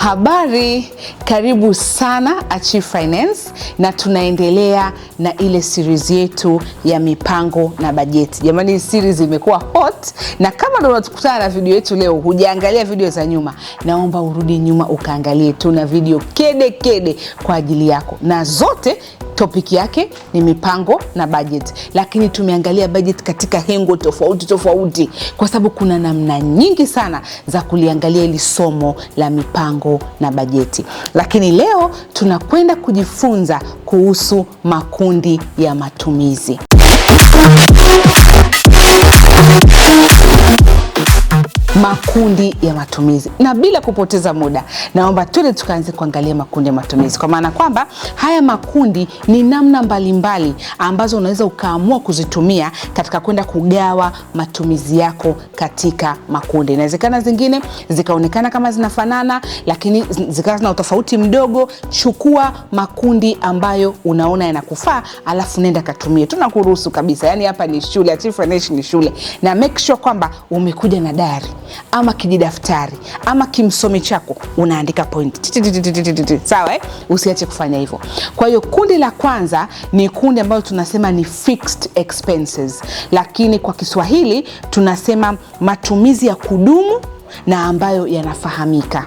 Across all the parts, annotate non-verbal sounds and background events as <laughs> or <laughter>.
Habari, karibu sana Achieve Finance, na tunaendelea na ile series yetu ya mipango na bajeti. Jamani, series imekuwa hot, na kama ndo unatukutana na video yetu leo, hujaangalia video za nyuma, naomba urudi nyuma ukaangalie, tuna video kede kede kwa ajili yako, na zote topic yake ni mipango na budget, lakini tumeangalia budget katika hengo tofauti tofauti, kwa sababu kuna namna nyingi sana za kuliangalia hili somo la mipango yako na bajeti. Lakini leo tunakwenda kujifunza kuhusu makundi ya matumizi makundi ya matumizi. Na bila kupoteza muda, naomba tuende tukaanze kuangalia makundi ya matumizi, kwa maana kwamba haya makundi ni namna mbalimbali mbali ambazo unaweza ukaamua kuzitumia katika kwenda kugawa matumizi yako katika makundi. Inawezekana zingine zikaonekana kama zinafanana, lakini zikawa zina utofauti mdogo. Chukua makundi ambayo unaona yanakufaa, alafu nenda katumie, tunakuruhusu kabisa. Yani hapa ni shule, ni shule, na make sure kwamba umekuja na dari ama kijidaftari ama kimsomi chako unaandika point sawa, eh? Usiache kufanya hivyo. Kwa hiyo kundi la kwanza ni kundi ambayo tunasema ni fixed expenses, lakini kwa Kiswahili tunasema matumizi ya kudumu na ambayo yanafahamika.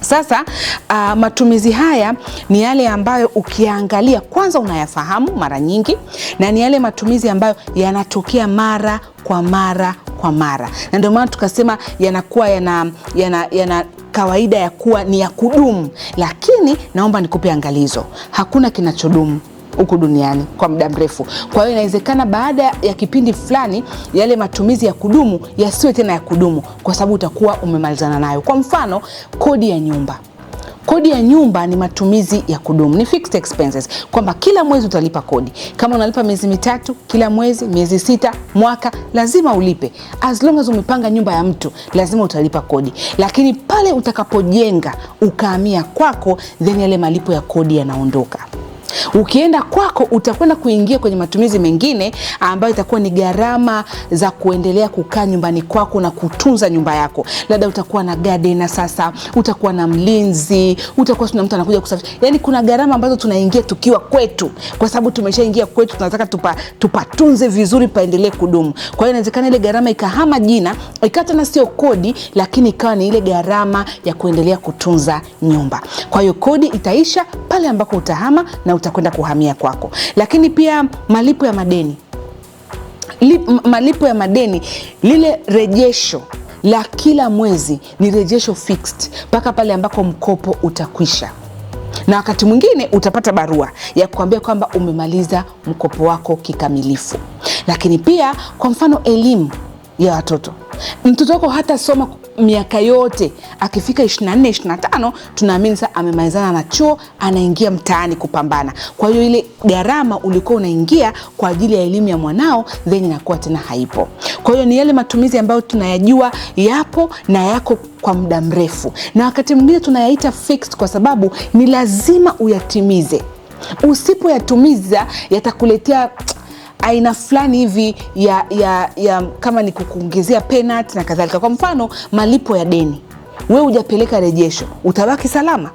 Sasa uh, matumizi haya ni yale ambayo ukiangalia kwanza unayafahamu mara nyingi, na ni yale matumizi ambayo yanatokea mara kwa mara kwa mara, na ndio maana tukasema yanakuwa yana, yana, yana kawaida ya kuwa ni ya kudumu. Lakini naomba nikupe angalizo, hakuna kinachodumu huku duniani kwa muda mrefu. Kwa hiyo inawezekana baada ya kipindi fulani yale matumizi ya kudumu yasiwe tena ya kudumu, kwa sababu utakuwa umemalizana nayo. Kwa mfano, kodi ya nyumba Kodi ya nyumba ni matumizi ya kudumu, ni fixed expenses, kwamba kila mwezi utalipa kodi. Kama unalipa miezi mitatu kila mwezi, miezi sita, mwaka, lazima ulipe. As long as umepanga nyumba ya mtu, lazima utalipa kodi. Lakini pale utakapojenga ukahamia kwako, then yale malipo ya kodi yanaondoka. Ukienda kwako utakwenda kuingia kwenye matumizi mengine ambayo itakuwa ni gharama za kuendelea kukaa nyumbani kwako na kutunza nyumba yako. Labda utakuwa na gardener sasa, utakuwa na mlinzi, utakuwa tuna mtu anakuja kusafisha. Yani kuna gharama ambazo tunaingia tukiwa kwetu, kwa sababu tumeshaingia kwetu, tunataka tupa, tupatunze vizuri paendelee kudumu. Kwa hiyo inawezekana ile gharama ikahama jina, ikawa tena sio kodi, lakini ikawa ni ile gharama ya kuendelea kutunza nyumba. Kwa hiyo kodi itaisha pale ambako utahama na uta utakwenda kuhamia kwako. Lakini pia malipo ya madeni Lip, malipo ya madeni lile rejesho la kila mwezi ni rejesho fixed mpaka pale ambako mkopo utakwisha, na wakati mwingine utapata barua ya kuambia kwamba umemaliza mkopo wako kikamilifu. Lakini pia kwa mfano elimu ya watoto, mtoto wako hatasoma miaka yote akifika 24 25, tunaamini sasa amemalizana na chuo, anaingia mtaani kupambana. Kwa hiyo ile gharama ulikuwa unaingia kwa ajili ya elimu ya mwanao then inakuwa tena haipo. Kwa hiyo ni yale matumizi ambayo tunayajua yapo na yako kwa muda mrefu, na wakati mwingine tunayaita fixed kwa sababu ni lazima uyatimize. Usipoyatumiza yatakuletea aina fulani hivi ya, ya, ya kama ni kukuongezea penat na kadhalika. Kwa mfano malipo ya deni, we hujapeleka rejesho, utabaki salama.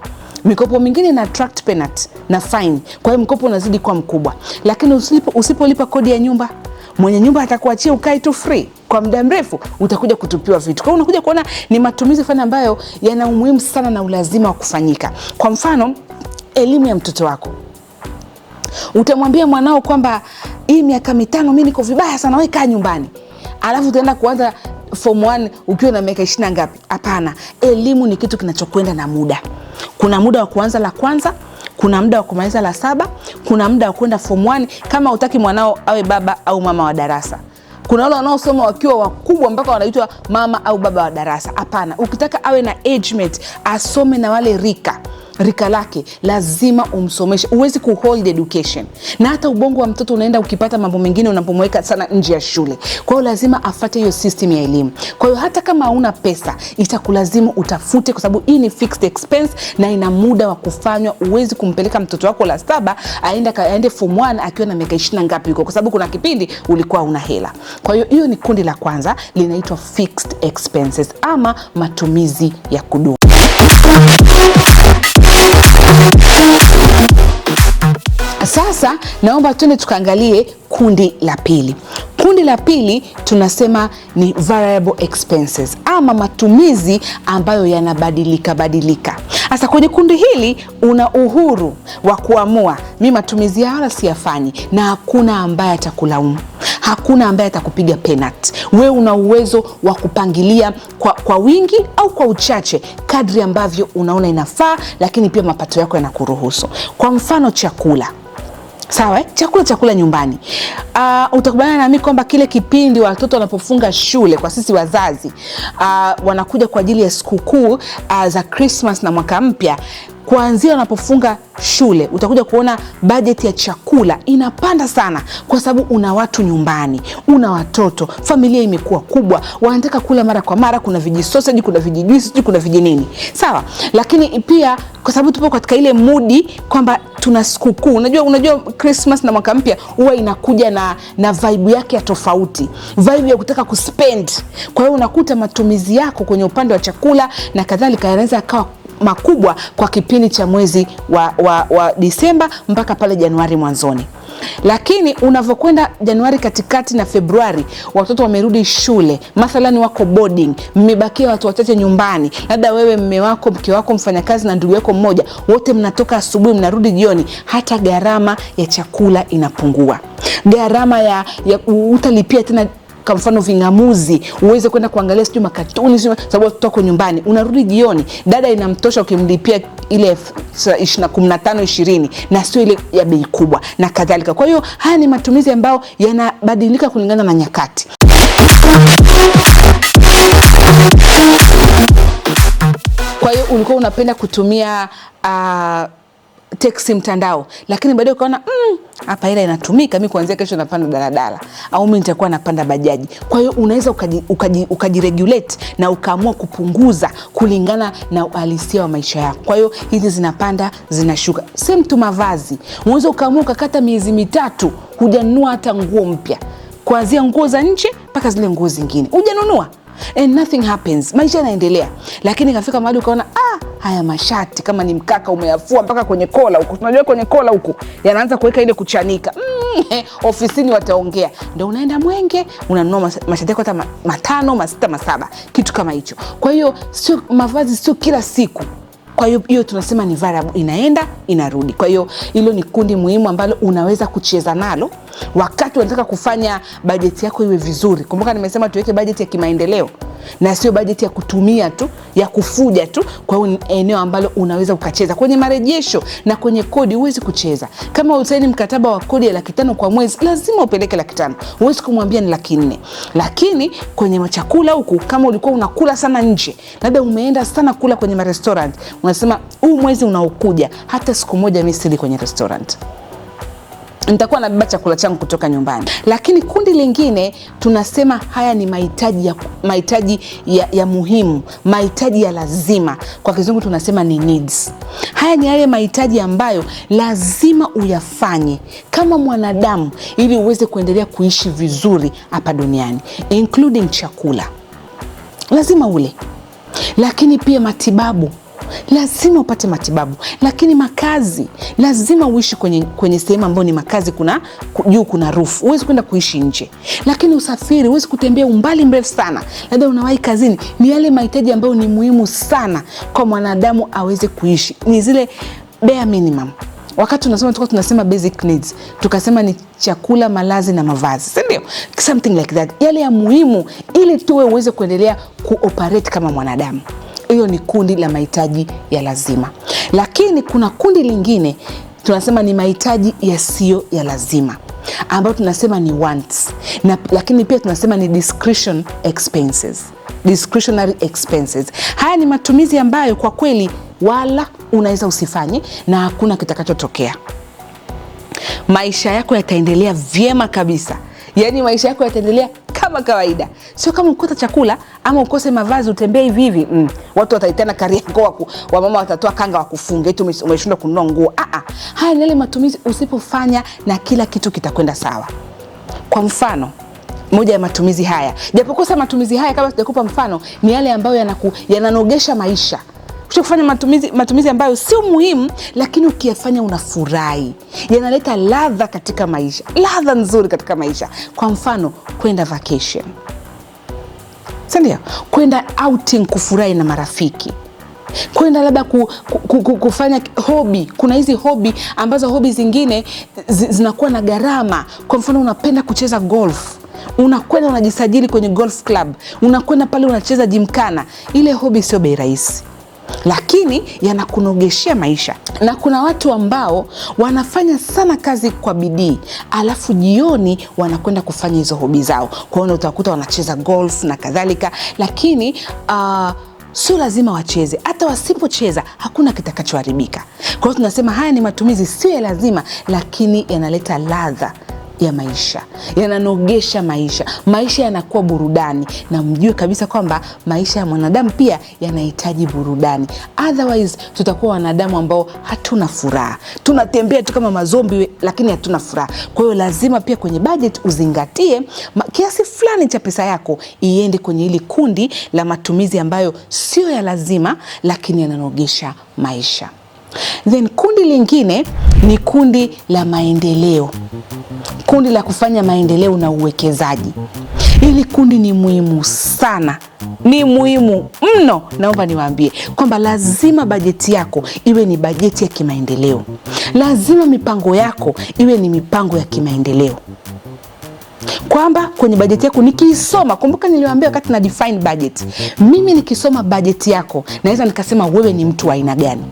Mikopo mingine na tract penalty na fine, kwa hiyo mkopo unazidi kuwa mkubwa. Lakini usipo, usipolipa kodi ya nyumba, mwenye nyumba atakuachia ukae tu free kwa muda mrefu, utakuja kutupiwa vitu. Kwa hiyo unakuja kuona ni matumizi fulani ambayo yana umuhimu sana na ulazima wa kufanyika. Kwa mfano elimu ya mtoto wako Utamwambia mwanao kwamba hii miaka mitano mi niko vibaya sana, we kaa nyumbani, alafu utaenda kuanza form one ukiwa na miaka ishirini na ngapi? Hapana, elimu ni kitu kinachokwenda na muda. Kuna muda wa kuanza la kwanza, kuna muda wa kumaliza la saba, kuna muda wa kwenda form one kama utaki mwanao awe baba au mama wa darasa kuna wale wanaosoma wakiwa wakubwa mpaka wanaitwa mama au baba wa darasa. Hapana, ukitaka awe na age mate asome na wale rika rika lake lazima umsomeshe, huwezi kuhold education. Na hata ubongo wa mtoto unaenda ukipata mambo mengine unapomweka sana nje ya shule. Kwa hiyo lazima afate hiyo system ya elimu. Kwa hiyo hata kama hauna pesa, itakulazimu utafute, kwa sababu hii ni fixed expense na ina muda wa kufanywa. Huwezi kumpeleka mtoto wako la saba aende aende form 1 akiwa na miaka ishirini ngapi huko, kwa sababu kuna kipindi ulikuwa una hela. Kwa hiyo hiyo ni kundi la kwanza, linaitwa fixed expenses ama matumizi ya kudumu. Sasa naomba tuende tukaangalie kundi la pili. Kundi la pili tunasema ni variable expenses ama matumizi ambayo yanabadilika badilika. Sasa kwenye kundi hili una uhuru wa kuamua, mi matumizi yao wala siyafanyi, na hakuna ambaye atakulaumu hakuna ambaye atakupiga penat. Wewe una uwezo wa kupangilia kwa, kwa wingi au kwa uchache kadri ambavyo unaona inafaa, lakini pia mapato yako yanakuruhusu. Kwa mfano chakula Sawa, eh? chakula chakula nyumbani. Uh, utakubaliana nami kwamba kile kipindi watoto wanapofunga shule kwa sisi wazazi uh, wanakuja kwa ajili ya sikukuu uh, za Christmas na mwaka mpya kuanzia wanapofunga shule utakuja kuona bajeti ya chakula inapanda sana, kwa sababu una watu nyumbani, una watoto, familia imekuwa kubwa, wanataka kula mara kwa mara. Kuna vijisosaji kuna vijijuisi, kuna vijinini, sawa. Lakini pia kwa sababu tupo katika ile mudi kwamba tuna sikukuu. Unajua, unajua Christmas na mwaka mpya huwa inakuja na, na vibe yake ya tofauti, vibe ya kutaka kuspend. Kwa hiyo unakuta matumizi yako kwenye upande wa chakula na kadhalika yanaweza yakawa makubwa kwa kipindi cha mwezi wa, wa, wa Disemba mpaka pale Januari mwanzoni lakini unavyokwenda Januari katikati na Februari, watoto wamerudi shule, mathalani wako boarding, mmebakia watu wachache nyumbani, labda wewe, mme wako, mke wako, mfanyakazi na ndugu yako mmoja, wote mnatoka asubuhi, mnarudi jioni, hata gharama ya chakula inapungua, gharama ya, ya utalipia tena kwa mfano ving'amuzi, uweze kwenda kuangalia sijui makatuni, sababu watoto nyumbani, unarudi jioni, dada inamtosha ukimlipia ile 15 20 na sio ile ya bei kubwa na kadhalika. Kwa hiyo haya ni matumizi ambayo yanabadilika kulingana na nyakati. Kwa hiyo ulikuwa unapenda kutumia uh, teksi mtandao, lakini baadaye ukaona mm, hapa mm, inatumika, mi kuanzia kesho napanda daladala au mi nitakuwa napanda bajaji. Kwa hiyo unaweza ukajiregulate ukaji, ukaji na ukaamua kupunguza kulingana na uhalisia wa maisha yako. Kwa hiyo hizi zinapanda zinashuka. si tu mavazi, unaweza ukaamua ukakata miezi mitatu hujanunua hata nguo mpya, kuanzia nguo za nje mpaka zile nguo zingine hujanunua and nothing happens, maisha yanaendelea. Lakini ikafika mahali ukaona ah, haya mashati kama ni mkaka umeyafua mpaka kwenye kola huku, tunajua kwenye kola huku yanaanza kuweka ile kuchanika mm, <laughs> ofisini wataongea. Ndo unaenda Mwenge unanunua mashati yako hata matano masita masaba, kitu kama hicho. Kwa hiyo sio mavazi, sio kila siku kwa hiyo hiyo tunasema ni variable, inaenda inarudi. Kwa hiyo hilo ni kundi muhimu ambalo unaweza kucheza nalo wakati unataka kufanya bajeti yako iwe vizuri. Kumbuka nimesema tuweke bajeti ya kimaendeleo na sio bajeti ya kutumia tu ya kufuja tu. Kwa hiyo eneo ambalo unaweza ukacheza kwenye marejesho na kwenye kodi. Huwezi kucheza kama usaini mkataba wa kodi ya lakitano kwa mwezi, lazima upeleke lakitano Huwezi kumwambia ni laki nne. Lakini kwenye machakula huku, kama ulikuwa unakula sana nje, labda umeenda sana kula kwenye marestaurant, unasema huu mwezi unaokuja hata siku moja mi sili kwenye restaurant nitakuwa nabeba chakula changu kutoka nyumbani. Lakini kundi lingine tunasema haya ni mahitaji ya, mahitaji ya, ya muhimu, mahitaji ya lazima, kwa kizungu tunasema ni needs. Haya ni yale mahitaji ambayo lazima uyafanye kama mwanadamu ili uweze kuendelea kuishi vizuri hapa duniani, including chakula lazima ule, lakini pia matibabu lazima upate matibabu, lakini makazi lazima uishi kwenye, kwenye sehemu ambayo ni makazi, kuna juu kuna rufu huwezi kwenda kuishi nje. Lakini usafiri, huwezi kutembea umbali mrefu sana, labda unawahi kazini. Ni yale mahitaji ambayo ni muhimu sana kwa mwanadamu aweze kuishi, ni zile bare minimum wakati unasema tuka tunasema basic needs, tukasema ni chakula, malazi na mavazi, si ndio? Something like that, yale ya muhimu, ili tuwe uweze kuendelea kuoperate kama mwanadamu hiyo ni kundi la mahitaji ya lazima, lakini kuna kundi lingine tunasema ni mahitaji yasiyo ya lazima ambayo tunasema ni wants na, lakini pia tunasema ni discretion expenses. Discretionary expenses. Haya ni matumizi ambayo kwa kweli wala unaweza usifanye na hakuna kitakachotokea. Maisha yako yataendelea vyema kabisa yaani maisha yako yataendelea kama kawaida, sio kama ukosa chakula ama ukose mavazi, utembee hivi hivi mm. Watu wataitana Kariakoo, waku wamama watatoa kanga wakufunge eti umeshindwa kununua nguo. Ah, ah. Haya ni yale matumizi usipofanya, na kila kitu kitakwenda sawa. Kwa mfano moja ya matumizi haya, japokosa matumizi haya, kama sijakupa mfano, ni yale ambayo yanaku, yananogesha maisha kusha kufanya matumizi, matumizi ambayo sio muhimu, lakini ukiyafanya unafurahi, yanaleta ladha katika maisha, ladha nzuri katika maisha. Kwa mfano kwenda vacation, sindio? Kwenda outing, kufurahi na marafiki kwenda labda ku, ku, ku, ku, kufanya hobi. Kuna hizi hobi ambazo hobi zingine zinakuwa na gharama. Kwa mfano unapenda kucheza golf, unakwenda unajisajili kwenye golf club, unakwenda pale unacheza jimkana. Ile hobi sio bei rahisi lakini yanakunogeshea maisha. Na kuna watu ambao wanafanya sana kazi kwa bidii, alafu jioni wanakwenda kufanya hizo hobi zao. Kwa hiyo utakuta wanacheza golf na kadhalika, lakini uh, sio lazima wacheze. Hata wasipocheza hakuna kitakachoharibika. Kwa hiyo tunasema haya ni matumizi sio ya lazima, lakini yanaleta ladha ya maisha, yananogesha maisha, maisha yanakuwa burudani, na mjue kabisa kwamba maisha ya mwanadamu pia yanahitaji burudani, otherwise tutakuwa wanadamu ambao hatuna furaha, tunatembea tu kama mazombi, lakini hatuna furaha. Kwa hiyo lazima pia kwenye budget uzingatie kiasi fulani cha pesa yako iende kwenye hili kundi la matumizi ambayo sio ya lazima, lakini yananogesha maisha. Then kundi lingine ni kundi la maendeleo kundi la kufanya maendeleo na uwekezaji. Hili kundi ni muhimu sana, ni muhimu mno. Naomba niwaambie kwamba lazima bajeti yako iwe ni bajeti ya kimaendeleo, lazima mipango yako iwe ni mipango ya kimaendeleo kwamba kwenye bajeti yako nikiisoma, kumbuka niliwaambia wakati na define budget, mimi nikisoma bajeti yako naweza nikasema wewe ni mtu wa aina gani.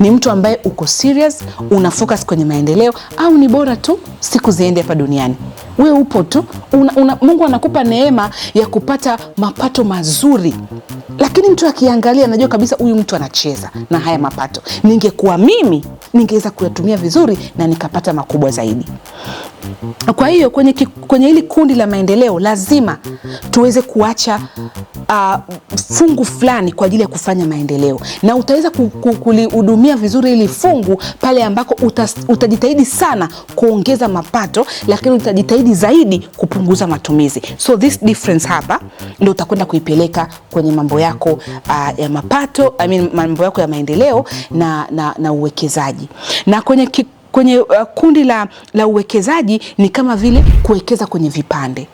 Ni mtu ambaye uko serious, una focus kwenye maendeleo, au ni bora tu siku ziende hapa duniani, we upo tu una, una, Mungu anakupa neema ya kupata mapato mazuri, lakini mtu akiangalia, najua kabisa huyu mtu anacheza na haya mapato. Ningekuwa mimi ningeweza kuyatumia vizuri na nikapata makubwa zaidi. Kwa hiyo kwenye, kwenye hili kundi la maendeleo lazima tuweze kuacha uh, fungu fulani kwa ajili ya kufanya maendeleo, na utaweza kulihudumia vizuri hili fungu pale ambako uta, utajitahidi sana kuongeza mapato, lakini utajitahidi zaidi kupunguza matumizi. So this difference hapa ndio utakwenda kuipeleka kwenye mambo yako uh, ya mapato I mean, mambo yako ya maendeleo na, na, na uwekezaji na kwenye kwenye uh, kundi la, la uwekezaji ni kama vile kuwekeza kwenye vipande.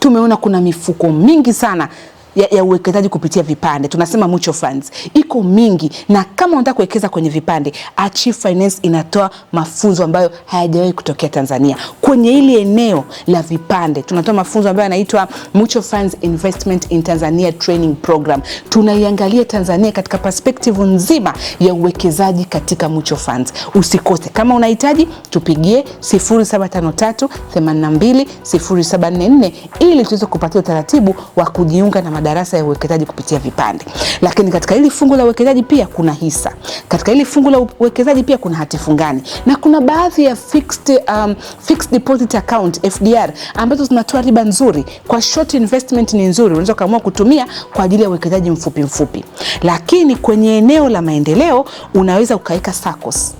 Tumeona kuna mifuko mingi sana ya, ya uwekezaji kupitia vipande, tunasema mutual funds iko mingi, na kama unataka kuwekeza kwenye vipande, Achieve Finance inatoa mafunzo ambayo hayajawahi kutokea Tanzania kwenye hili eneo la vipande. Tunatoa mafunzo ambayo yanaitwa Mutual Funds Investment in Tanzania Training Program. Tunaiangalia Tanzania katika perspective nzima ya uwekezaji katika mutual funds. Usikose, kama unahitaji tupigie 0753 ili tuweze kupatia utaratibu wa kujiunga na madarasa ya uwekezaji kupitia vipande. Lakini katika hili fungu la uwekezaji pia kuna hisa, katika hili fungu la uwekezaji pia kuna hatifungani na kuna baadhi ya fixed, um, fixed deposit account FDR ambazo zinatoa riba nzuri kwa short investment, ni nzuri, unaweza kaamua kutumia kwa ajili ya uwekezaji mfupi mfupi. Lakini kwenye eneo la maendeleo unaweza ukaweka SACCOS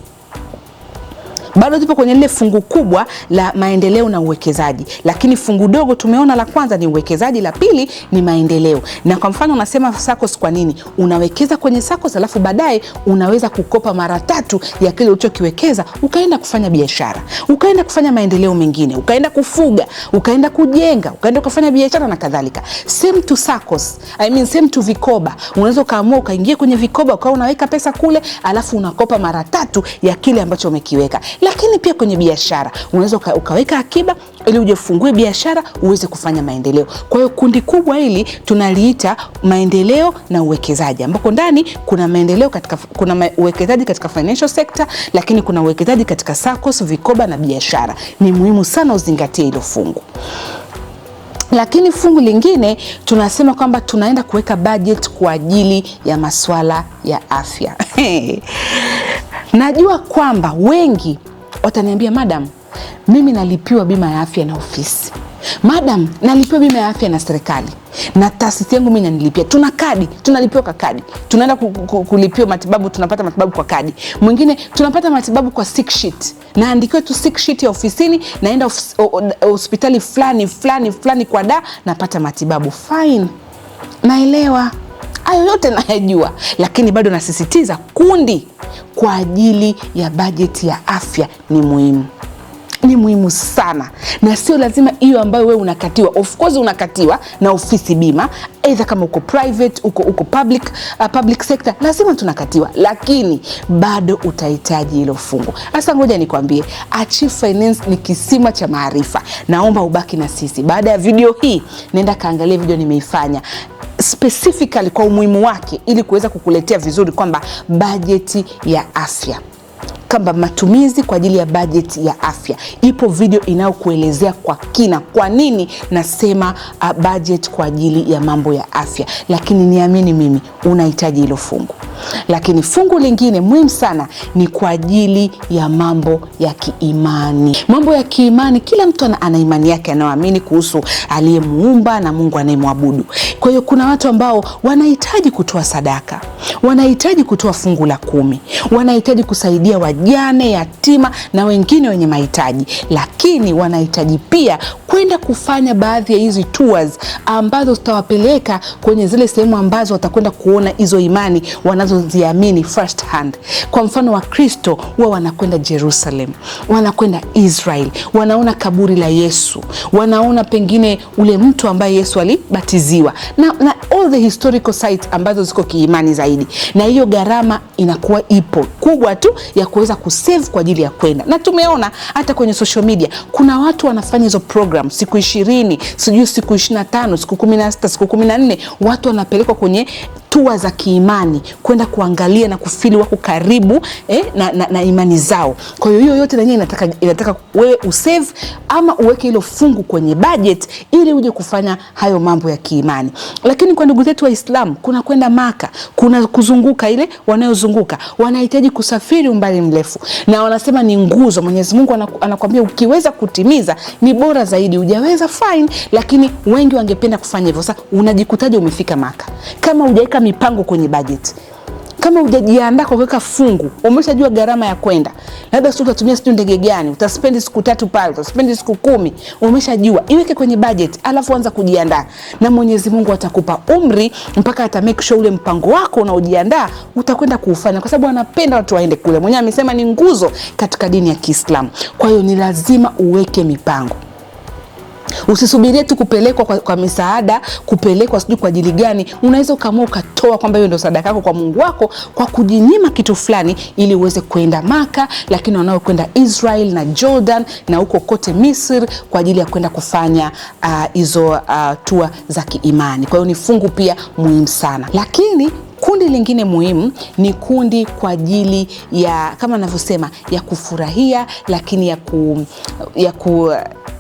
bado zipo kwenye lile fungu kubwa la maendeleo na uwekezaji, lakini fungu dogo tumeona la kwanza ni uwekezaji, la pili ni maendeleo. Na kwa mfano unasema SACCOS, kwa nini unawekeza kwenye SACCOS alafu baadaye unaweza kukopa mara tatu ya kile ulichokiwekeza ukaenda kufanya biashara, ukaenda kufanya maendeleo mengine, ukaenda kufuga, ukaenda kujenga, ukaenda kufanya biashara na kadhalika. Same to SACCOS, I mean same to vikoba. Unaweza ukaamua ukaingia kwenye vikoba ukawa unaweka pesa kule alafu unakopa mara tatu ya kile ambacho umekiweka. Lakini pia kwenye biashara unaweza ukaweka akiba ili ujefungue biashara uweze kufanya maendeleo. Kwa hiyo kundi kubwa hili tunaliita maendeleo na uwekezaji, ambapo ndani kuna maendeleo katika, kuna uwekezaji katika financial sector, lakini kuna uwekezaji katika sacos vikoba na biashara. Ni muhimu sana uzingatie hilo fungu lakini fungu lingine tunasema kwamba tunaenda kuweka bajeti kwa ajili ya masuala ya afya. <laughs> Najua kwamba wengi wataniambia madam, mimi nalipiwa bima ya afya na ofisi, madam, nalipiwa bima ya afya na serikali na taasisi yangu mimi nanilipia, tuna kadi, tunalipiwa kwa kadi, tunaenda kulipiwa matibabu, tunapata matibabu kwa kadi. Mwingine tunapata matibabu kwa sick sheet, naandikiwa tu sick sheet ya ofisini, naenda hospitali fulani fulani fulani kwa da, napata matibabu fine, naelewa. Hayo yote nayajua, lakini bado nasisitiza kundi kwa ajili ya bajeti ya afya ni muhimu ni muhimu sana, na sio lazima hiyo ambayo wewe unakatiwa. Of course unakatiwa na ofisi bima, aidha kama uko private, uko uko public, uh, public sector, lazima tunakatiwa, lakini bado utahitaji hilo fungu. Sasa ngoja nikwambie, Achieve Finance ni kisima cha maarifa. Naomba ubaki na sisi. Baada ya video hii, nenda kaangalia video nimeifanya specifically kwa umuhimu wake ili kuweza kukuletea vizuri kwamba bajeti ya afya kamba matumizi kwa ajili ya bajeti ya afya. Ipo video inayokuelezea kwa kina kwa nini nasema uh, bajeti kwa ajili ya mambo ya afya, lakini niamini mimi unahitaji hilo fungu. Lakini fungu lingine muhimu sana ni kwa ajili ya mambo ya kiimani. Mambo ya kiimani, kila mtu ana imani yake anayoamini kuhusu aliyemuumba na Mungu anayemwabudu. Kwa hiyo kuna watu ambao wanahitaji kutoa sadaka wanahitaji kutoa fungu la kumi, wanahitaji kusaidia wajane, yatima na wengine wenye mahitaji, lakini wanahitaji pia kwenda kufanya baadhi ya hizi tours ambazo zitawapeleka kwenye zile sehemu ambazo watakwenda kuona hizo imani wanazoziamini first hand. Kwa mfano, Wakristo huwa wanakwenda Jerusalem, wanakwenda Israel, wanaona kaburi la Yesu, wanaona pengine ule mtu ambaye Yesu alibatiziwa na, na all the historical sites ambazo ziko kiimani zaidi zaidi, na hiyo gharama inakuwa ipo kubwa tu ya kuweza kusave kwa ajili ya kwenda, na tumeona hata kwenye social media kuna watu wanafanya hizo program siku ishirini sijui siku ishirini na tano siku kumi na sita siku kumi na nne watu wanapelekwa kwenye hatua za kiimani kwenda kuangalia na kufili wako karibu eh, na, na, na imani zao. Kwa hiyo hiyo yote nanyewe inataka, inataka wewe usave ama uweke hilo fungu kwenye budget ili uje kufanya hayo mambo ya kiimani. Lakini kwa ndugu zetu Waislamu kuna kwenda Maka, kuna kuzunguka ile wanayozunguka, wanahitaji kusafiri umbali mrefu, na wanasema ni nguzo. Mwenyezi Mungu anakuambia ukiweza kutimiza ni bora zaidi, hujaweza fine, lakini wengi wangependa kufanya hivyo. Sasa unajikutaje umefika Maka kama hujaweka mipango kwenye bajeti. Kama hujajiandaa kwa kuweka fungu, umeshajua gharama ya kwenda, labda sio utatumia siu ndege gani, utaspendi siku tatu pale, utaspendi siku kumi, umeshajua iweke kwenye bajeti, alafu anza kujiandaa, na Mwenyezi Mungu atakupa umri mpaka ata make sure ule mpango wako unaojiandaa utakwenda kuufanya, kwa sababu anapenda watu waende kule. Mwenyewe amesema ni nguzo katika dini ya Kiislamu, kwa hiyo ni lazima uweke mipango. Usisubirie tu kupelekwa kwa, kwa misaada, kupelekwa sijui kwa ajili gani. Unaweza ukaamua ukatoa kwamba hiyo ndio sadaka yako kwa Mungu wako kwa kujinyima kitu fulani, ili uweze kuenda Maka, lakini wanaokwenda Israel na Jordan na huko kote Misri kwa ajili ya kwenda kufanya ah, hizo uh, uh, tua za kiimani. Kwa hiyo ni fungu pia muhimu sana, lakini kundi lingine muhimu ni kundi kwa ajili ya kama anavyosema ya kufurahia, lakini ya ku, ya ku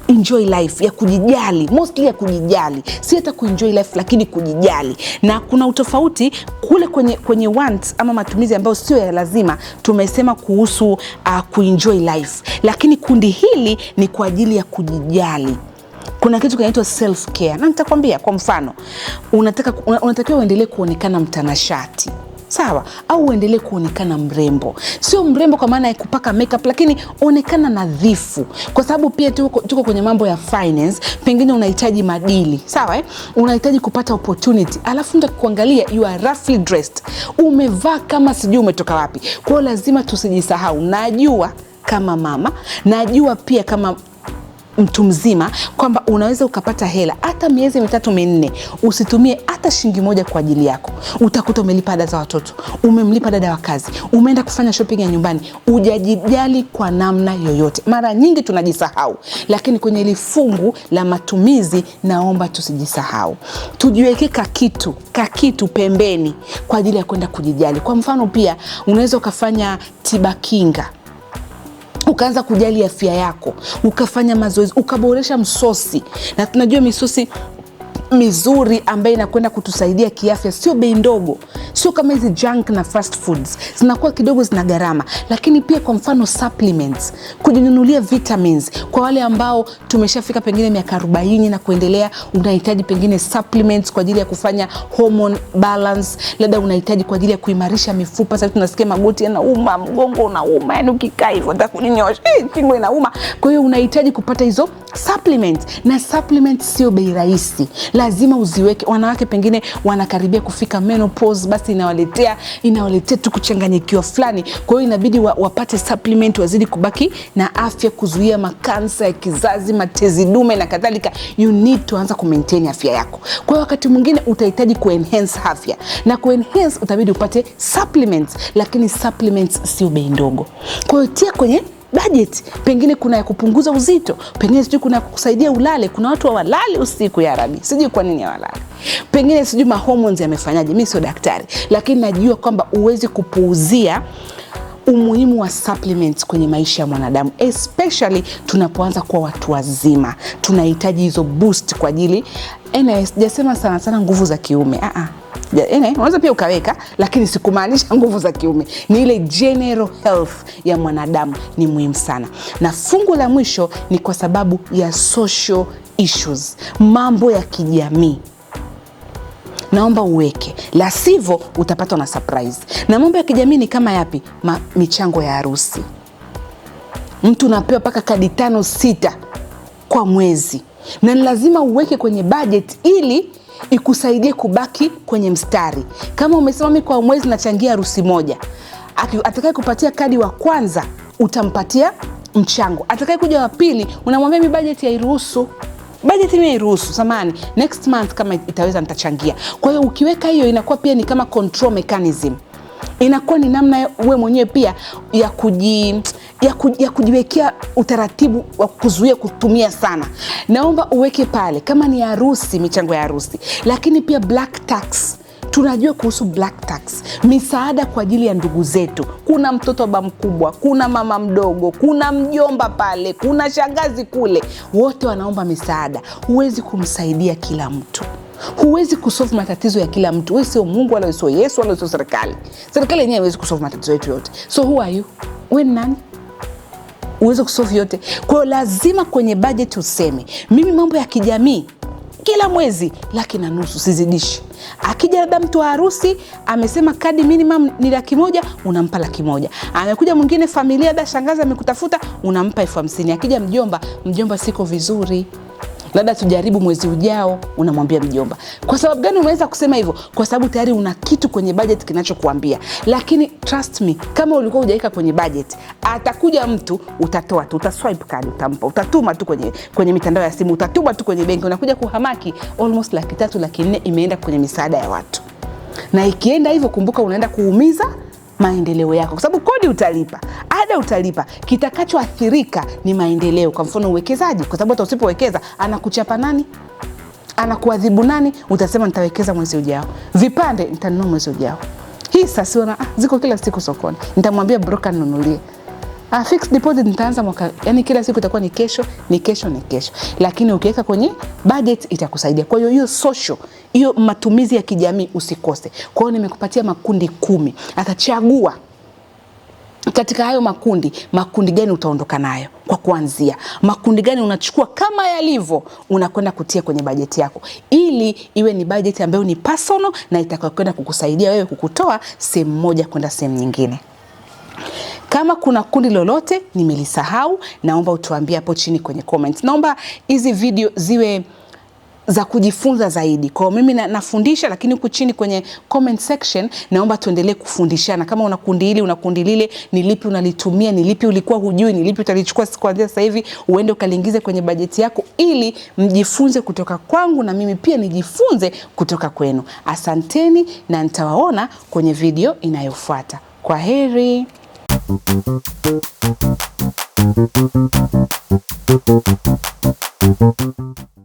enjoy life, ya kujijali, mostly ya kujijali, si hata kuenjoy life, lakini kujijali. Na kuna utofauti kule kwenye, kwenye wants ama matumizi ambayo sio ya lazima. Tumesema kuhusu uh, ah, kuenjoy life, lakini kundi hili ni kwa ajili ya kujijali kuna kitu kinaitwa self care, na nitakwambia kwa mfano, unataka unatakiwa uendelee kuonekana mtanashati sawa, au uendelee kuonekana mrembo. Sio mrembo kwa maana ya kupaka makeup, lakini onekana nadhifu, kwa sababu pia tuko, tuko kwenye mambo ya finance. Pengine unahitaji madili, sawa eh? Unahitaji kupata opportunity, alafu mtu akikuangalia you are roughly dressed, umevaa kama sijui umetoka wapi. Kwa lazima tusijisahau. Najua kama mama, najua pia kama mtu mzima kwamba unaweza ukapata hela hata miezi mitatu minne, usitumie hata shilingi moja kwa ajili yako. Utakuta umelipa ada za watoto, umemlipa dada wa kazi, umeenda kufanya shopping ya nyumbani, ujajijali kwa namna yoyote. Mara nyingi tunajisahau, lakini kwenye lifungu fungu la matumizi, naomba tusijisahau, tujiweke kakitu kakitu pembeni kwa ajili ya kwenda kujijali. Kwa mfano, pia unaweza ukafanya tiba kinga ukaanza kujali afya yako, ukafanya mazoezi, ukaboresha msosi, na tunajua misosi mizuri ambayo inakwenda kutusaidia kiafya, sio bei ndogo, sio kama hizi junk na fast foods zinakuwa kidogo zina gharama. Lakini pia kwa mfano supplements, kujinunulia vitamins kwa wale ambao tumeshafika pengine miaka 40 na kuendelea, unahitaji pengine supplements kwa ajili ya kufanya hormone balance, labda unahitaji kwa ajili ya kuimarisha mifupa. Sasa tunasikia magoti yanauma, mgongo unauma, yani ukikaa hivyo hata takuninyoosha, eh, shingo inauma. Kwa hiyo unahitaji kupata hizo supplements, na supplements sio bei rahisi lazima uziweke. Wanawake pengine wanakaribia kufika menopause, basi inawaletea inawaletea tu kuchanganyikiwa fulani, kwa hiyo inabidi wa, wapate supplement wazidi kubaki na afya, kuzuia makansa ya kizazi, matezi dume na kadhalika. You need to anza kumaintain afya yako. Kwa hiyo wakati mwingine utahitaji kuenhance afya na kuenhance utabidi upate supplements, lakini supplements sio bei ndogo. Kwa hiyo tia kwenye budget. pengine kuna ya kupunguza uzito, pengine sijui kuna ya kukusaidia ulale. Kuna watu hawalali usiku, ya Arabi, sijui kwa nini hawalali, pengine sijui mahomoni yamefanyaje. Mi sio daktari, lakini najua kwamba huwezi kupuuzia umuhimu wa supplements kwenye maisha ya mwanadamu, especially tunapoanza kuwa watu wazima. Tunahitaji hizo boost kwa ajili ene, sijasema sana sana nguvu za kiume ah, ah. a a unaweza pia ukaweka, lakini sikumaanisha <laughs> nguvu za kiume, ni ile general health ya mwanadamu ni muhimu sana. Na fungu la mwisho ni kwa sababu ya social issues, mambo ya kijamii naomba uweke, la sivyo utapatwa na surprise. Na mambo ya kijamii ni kama yapi? Ma, michango ya harusi, mtu unapewa mpaka kadi tano sita kwa mwezi, na ni lazima uweke kwenye budget ili ikusaidie kubaki kwenye mstari. Kama umesema mi kwa mwezi nachangia harusi moja, atakaye kupatia kadi wa kwanza utampatia mchango, atakaye kuja wa pili unamwambia mi bajeti hairuhusu bajeti mimi iruhusu samani, next month kama itaweza nitachangia. Kwa hiyo ukiweka hiyo inakuwa pia ni kama control mechanism, inakuwa ni namna we mwenyewe pia ya kuji ya, ku, ya kujiwekea utaratibu wa kuzuia kutumia sana. Naomba uweke pale kama ni harusi, michango ya harusi, lakini pia black tax tunajua kuhusu black tax, misaada kwa ajili ya ndugu zetu. Kuna mtoto ba mkubwa, kuna mama mdogo, kuna mjomba pale, kuna shangazi kule, wote wanaomba misaada. Huwezi kumsaidia kila mtu huwezi kusolve matatizo ya kila mtu. We sio Mungu wala sio Yesu wala sio serikali. Serikali yenyewe haiwezi kusolve matatizo yetu yote, so who are you? Wewe ni nani uweze kusolve yote? Kwa hiyo lazima kwenye bajeti useme, mimi mambo ya kijamii kila mwezi laki na nusu, sizidishi. Akija labda mtu wa harusi amesema kadi minimum ni laki moja, unampa laki moja. Amekuja mwingine familia, labda shangazi amekutafuta, unampa elfu hamsini. Akija mjomba, mjomba siko vizuri labda tujaribu mwezi ujao, unamwambia mjomba. Kwa sababu gani unaweza kusema hivyo? Kwa sababu tayari una kitu kwenye bajeti kinachokuambia. Lakini trust me, kama ulikuwa hujaweka kwenye bajeti, atakuja mtu utatoa tu, utaswipe kadi, utampa, utatuma tu kwenye, kwenye mitandao ya simu, utatuma tu kwenye benki, unakuja kuhamaki almost laki tatu, laki nne imeenda kwenye misaada ya watu, na ikienda hivyo, kumbuka unaenda kuumiza maendeleo yako, kwa sababu kodi utalipa, ada utalipa, kitakachoathirika ni maendeleo. Kwa mfano uwekezaji, kwa sababu hata usipowekeza anakuchapa nani? Anakuadhibu nani? Utasema nitawekeza mwezi ujao, vipande nitanunua mwezi ujao. Hii sasiona siona, ah, ziko kila siku sokoni, nitamwambia broka nunulie. A ah, fixed deposit nitaanza mwaka, yani kila siku itakuwa ni kesho, ni kesho, ni kesho. Lakini ukiweka kwenye budget itakusaidia. Kwa hiyo hiyo social, hiyo matumizi ya kijamii usikose. Kwa hiyo nimekupatia makundi kumi. Atachagua katika hayo makundi, makundi gani utaondoka nayo kwa kuanzia, makundi gani unachukua kama yalivyo, unakwenda kutia kwenye bajeti yako, ili iwe ni bajeti ambayo ni personal na itakayokwenda kukusaidia wewe kukutoa sehemu moja kwenda sehemu nyingine. Kama kuna kundi lolote nimelisahau, naomba utuambie hapo chini kwenye comments. Naomba hizi video ziwe za kujifunza zaidi. Kwa mimi na, nafundisha lakini huku chini kwenye comment section naomba tuendelee kufundishana. Kama una kundi hili, una kundi lile, ni lipi unalitumia, ni lipi ulikuwa hujui, ni lipi utalichukua kuanzia sasa hivi uende ukaliingize kwenye bajeti yako ili mjifunze kutoka kwangu na mimi pia nijifunze kutoka kwenu. Asanteni na nitawaona kwenye video inayofuata. Kwa heri. Thank you.